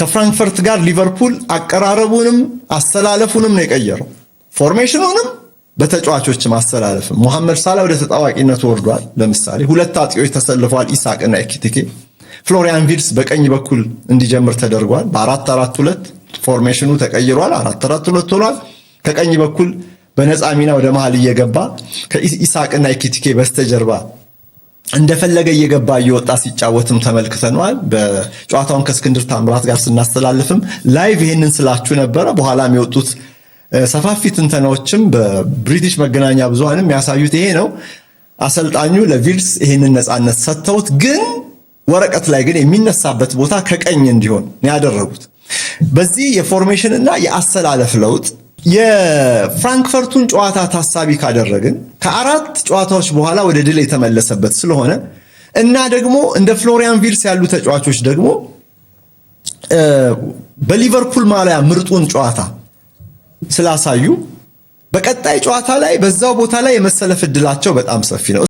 ከፍራንክፈርት ጋር ሊቨርፑል አቀራረቡንም አሰላለፉንም ነው የቀየረው። ፎርሜሽኑንም በተጫዋቾች ማሰላለፍ ሙሐመድ ሳላ ወደ ተጣዋቂነቱ ወርዷል። ለምሳሌ ሁለት አጥቂዎች ተሰልፈዋል፣ ኢሳቅ እና ኤኪቲኬ። ፍሎሪያን ቪልስ በቀኝ በኩል እንዲጀምር ተደርጓል። በአራት አራት ሁለት ፎርሜሽኑ ተቀይሯል። አራት አራት ሁለት ሆኗል። ከቀኝ በኩል በነፃ ሚና ወደ መሃል እየገባ ከኢሳቅና ኤኪቲኬ በስተጀርባ እንደፈለገ እየገባ እየወጣ ሲጫወትም ተመልክተነዋል። በጨዋታውን ከእስክንድር ታምራት ጋር ስናስተላልፍም ላይቭ ይህንን ስላችሁ ነበረ። በኋላም የወጡት ሰፋፊ ትንተናዎችም በብሪቲሽ መገናኛ ብዙኃንም የሚያሳዩት ይሄ ነው። አሰልጣኙ ለቪልስ ይህንን ነፃነት ሰጥተውት፣ ግን ወረቀት ላይ ግን የሚነሳበት ቦታ ከቀኝ እንዲሆን ያደረጉት በዚህ የፎርሜሽን እና የአሰላለፍ ለውጥ የፍራንክፈርቱን ጨዋታ ታሳቢ ካደረግን ከአራት ጨዋታዎች በኋላ ወደ ድል የተመለሰበት ስለሆነ እና ደግሞ እንደ ፍሎሪያን ቪልስ ያሉ ተጫዋቾች ደግሞ በሊቨርፑል ማሊያ ምርጡን ጨዋታ ስላሳዩ በቀጣይ ጨዋታ ላይ በዛው ቦታ ላይ የመሰለፍ እድላቸው በጣም ሰፊ ነው።